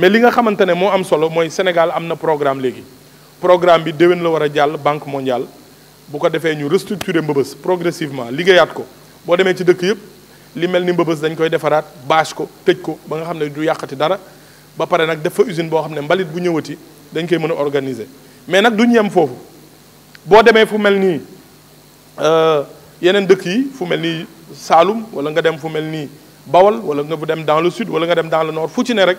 mais li nga xamante ne moo am solo mooy Sénégal am na programme léegi programme bi déwén la war a jàll banque mondiale bu ko defee ñu restructurer mbëbës progressivement liggéeyaat ko boo demee ci dëkk yëpp li mel ni mbëbës dañ koy defaraat bâche ko tëj ko ba nga xam ne du yàqati dara ba pare nag def fa usine boo xam ne mbalit bu ñëwati dañ koy mën a organiser mais nag du ñu yem foofu boo demee fu mel nii euh, yeneen dëkk yi fu mel nii Saalum wala nga dem fu mel nii Bawol wala nga dem dans le sud wala nga dem dans le nord fu ci ne rek.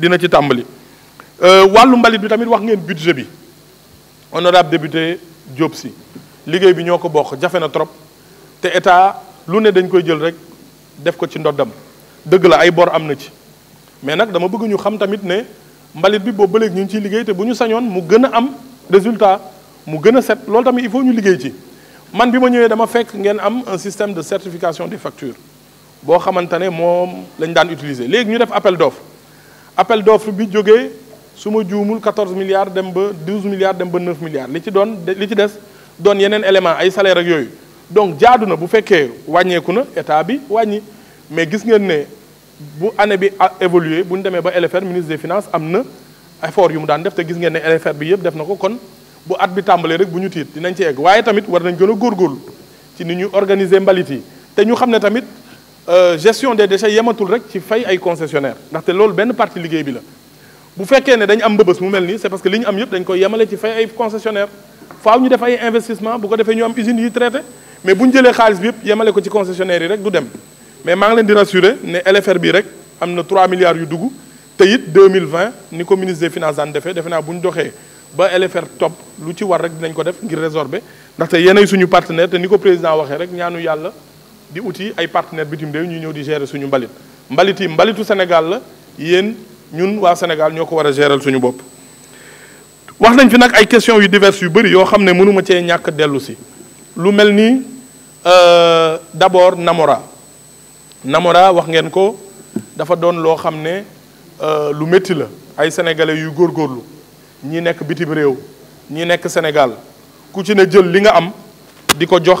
dina ci tambali euh walu mbalit bi tamit wax ngeen budget bi honorable député Diop si liggéey bi ñoko ko bokk jafe na trop té état lu ne dañ koy jël rek def ko ci ndodam deug la ay bor am na ci mais nak dama bëgg ñu xam tamit né mbalit bi bo ba ñu ci liguey té te bu ñu sañoon mu gëna am résultat mu gëna set loolu tamit il faut ñu liguey ci man bima ñëwé dama fekk ngeen am un système de certification des factures bo xamantane mom lañ daan utiliser légui ñu def appel d'offre appel d'offre bi jógee suma ma 14 milliards dem ba 12 milliards dem ba 9 milliards li ci doon li ci dess doon yenen élément ay salaire ak yoy donc jaaduna bu fekkee wàññeeku na état bi wàññi mais gis ngeen ne bu année bi évolué buñ ñu ba LFR ministre des finances amna effort yum daan def te gis ngeen ne LFR bi yëpp def nako kon bu at bi tambalé rek buñu ñu tiit dinañ ci egg waaye tamit war nañ gën a ci ni organiser mbalit yi te ñu xamné tamit euh, gestion des déchets yematul rek ci fay ay concessionnaire té lool ben partie liggéey bi la bu féké né dañ am mbëbës mu melni c'est parce que li am yëpp dañ koy yemale ci fay ay concessionnaire faaw ñu def ay investissement bu ko défé ñu am usine yi traité mais buñ jëlé jëlee bi yëpp yemale ko ci concessionnaire yi rek du dem mais ma ngi leen di rassurer né LFR bi rek amna 3 milliards yu dugg té it 2020 ni ko ministre des finances en défé défé na buñ doxé ba LFR top lu ci war rek dinañ ko def ngir résorber té yéenay suñu partenaire té ni ko président waxé rek ñaanu yalla di uti ay partenaire bitim réew ñu ñëw di gérer suñu mbalit mbaliti mbalitu sénégal la yeen ñun wa sénégal ñoko ko gérer suñu bop wax nañ fi nak ay question yu diverses yu bari yo xam mënuma ci ñak delu ci lu melni ni euh, d'abord namora namora wax ngeen ko dafa doon lo xam euh lu metti la ay sénégalais yu gorlu ñi nek bitim rew ñi nek sénégal ku ci ne jël li nga am di jox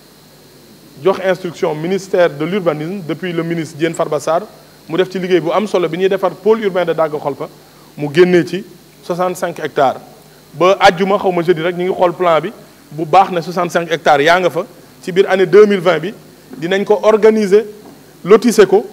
jox instruction ministère de l'urbanisme depuis le ministre Diène Farba Sarr mu def ci liggéey bu am solo bi ñi défar pôle urbain de Daga Kholpa mu génné ci 65 hectares ba aljuma xawma jeudi rek ñi ngi xol plan bi bu baax 65 hectares ya nga fa ci biir année 2020 bi dinañ ko organiser lotisser ko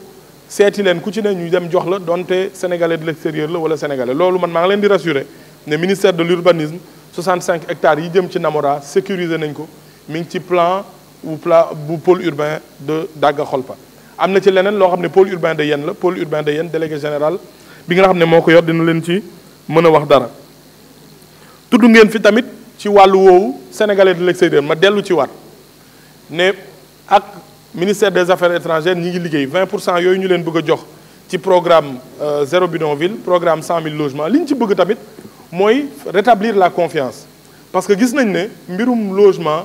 seeti leen ku ci ne ñu dem jox la donte sénégalais de l'extérieur la wala sénégalais loolu man maa ngi leen di rassurer ne ministère de l'urbanisme 65 hectares yi jëm ci Namora sécuriser nañ ko mi ci plan ou pla le pôle urbain de Daga Kholpa. y a ci leneen pôle urbain de Yen, le pôle urbain de le délégué général bi nga xam le moo ko yor dina leen ci le a wax dara le ngeen fi tamit ci walu woowu sénégalais de l'extérieur ma dellu ci wat né ak ministère des affaires étrangères ñi ngi liggéey 20 pour ñu leen bëgg jox ci programme euh, zéro bidonville programme 100 000 logements liñ ci bëgg tamit moy rétablir la confiance parce que gis nañ né mbirum logement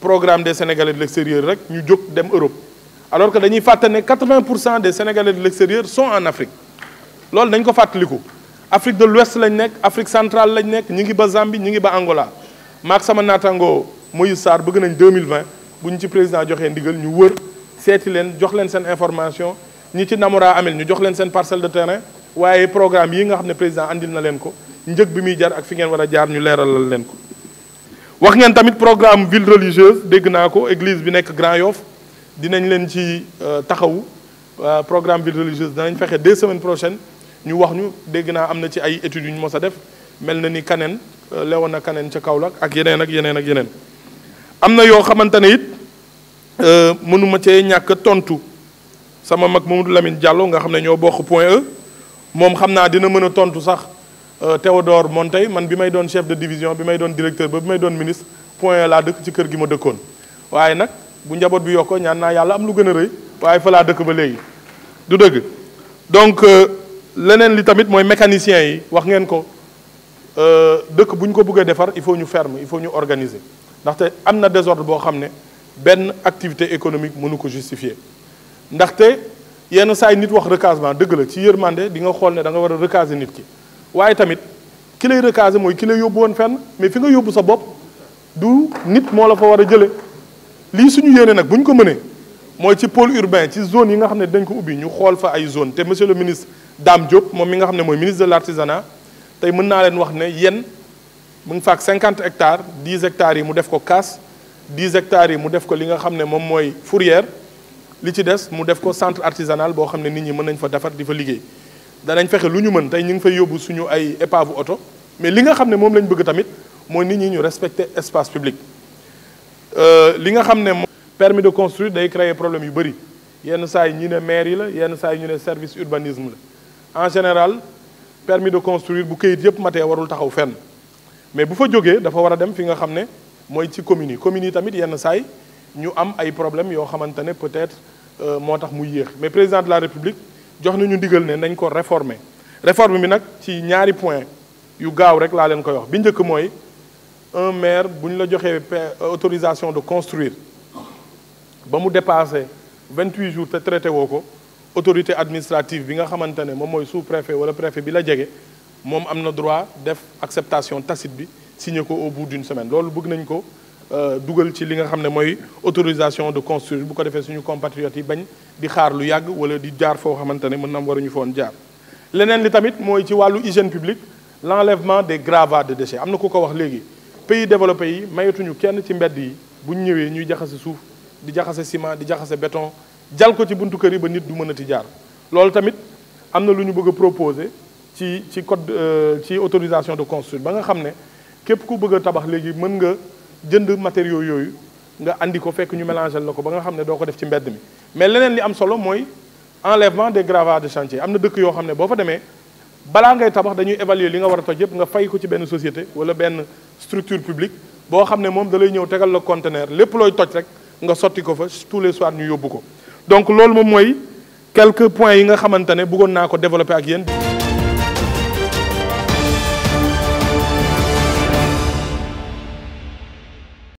programme des Sénégalais de l'extérieur nous Europe alors que 80 des Sénégalais de l'extérieur sont en Afrique Afrique de l'Ouest Afrique centrale Nous sommes en Zambie nous Angola Maxime sama Moïse 2020 nous président de ndigal ñu wër jox information parcelle de terrain waaye programme yi nga président andil na ko wax ngeen tamit programme ville religieuse dégg naa ko église bi nekk Grand Yoff dinañ leen ci euh, taxawu euh, programme ville religieuse danañ fexe deux semaines prochaines ñu wax ñu dégg naa am na ci ay études yu ñu mos a def mel na ni kanen euh, lewoon na kaneen ca ak yeneen ak yeneen ak yeneen am na yoo xamante it mënuma cee ñàkk tontu sama mag Mamadou Lamine Diallo nga xam ne ñoo bokk point E moom xam naa dina mën a tontu sax Euh, Théodore Montaigne, man bi may don chef de division bi may don directeur ba bi may don ministre point la deuk ci keur gi ma dekkone waye nak bu njabot bi yokkoo ñaan na yalla am lu gëna reuy waye fa la deuk ba légui du deug donc euh, leneen li tamit moy mécanicien yi wax ngeen ko euh deuk buñ ko défar il faut ñu ferme il faut ñu organiser ndaxte amna désordre bo xamné benn activité économique mënu ko justifier ndaxte yenn saa nit wax recasement deug la ci yermandé di nga xol ne da nga wara recaser nit waaye tamit ki lay mooy ki yóbbu woon fenn mais fi nga yóbbu sa bopp du nit moo la fa war a jële lii suñu yéene nag bu ñu ko mënee mooy ci pôle urbain ci zone yi nga xam ne dañ ko ubbi ñu xool fa ay zone te monsieur le ministre Dame Diop moom mi nga xam ne mooy ministre de l'artisanat tey mën naa leen wax ne yenn mu ngi faak 50 hectares 10 hectares yi mu def ko casse 10 hectares yi mu def ko li nga xam ne moom mooy fourrière li ci des mu def ko centre artisanal boo xam ne nit ñi mën nañ fa defar di fa liggéey danañ fexe lu ñu mën tay ñu ngi fay yóbbu suñu ay épave auto mais li nga xamné mom lañ bëgg tamit moy nit ñi ñu respecter espace public. euh li nga xamné permis de construire day créer problème yu bari yenn saa yi ñu ne maire yi la yenn saa ñu né service urbanisme la en général permis de construire bu keuyit yëpp maté warul taxaw fenn mais bu fa joggé dafa wara dem fi nga xamné moy ci commune commune tamit yenn saa ñu am ay problème yo xamante peut-être euh motax mu yéex mais président de la république jox nañu ndigal ne nañ ko réformer réforme bi nag ci ñaari point yu gaaw rek laa leen koy wax bi njëkk mooy un maire bu ñu la joxee euh, autorisation de construire ba mu dépassé 28 jours te traité woo ko autorité administrative bi nga xamante ne moom mooy sous préfet wala préfet bi la jege moom am na droit def acceptation tacite bi signé ko au bout d'une semaine loolu bëgg nañ ko euh, dougal ci li nga xam moy autorisation de construire bu ko defee suñu compatriotes yi bañ di xaar lu yagg wala di jaar fo xamante ne mën na waruñu fon jaar. leneen li tamit moy ci walu hygiène publique l'enlèvement des gravats de déchets amna ko ko wax légui pays développés yi mayatuñu kenn ci mbedd yi bu ñëwé ñuy jaxase suuf di jaxassé ciment di jaxassé béton jal ko ci buntu kër yi ba nit du mënati jaar lool tamit amna luñu bëgg proposer ci ci code euh, ci autorisation de construire ba nga xam képp ku bëgg tabax légui mën nga jënd matériaux yooyu nga andi ko fekk ñu mélangé ba nga def ci mbedd mi mais leneen li am solo enlèvement des gravats de chantier am dëkk ne fa évaluer li nga a toj yëpp nga fay ko ci société wala structure publique boo xam ne moom da lay ñëw tegal la conteneur lépp toj nga tous les soirs ñu ko donc loolu moom quelques points yi nga xamante développer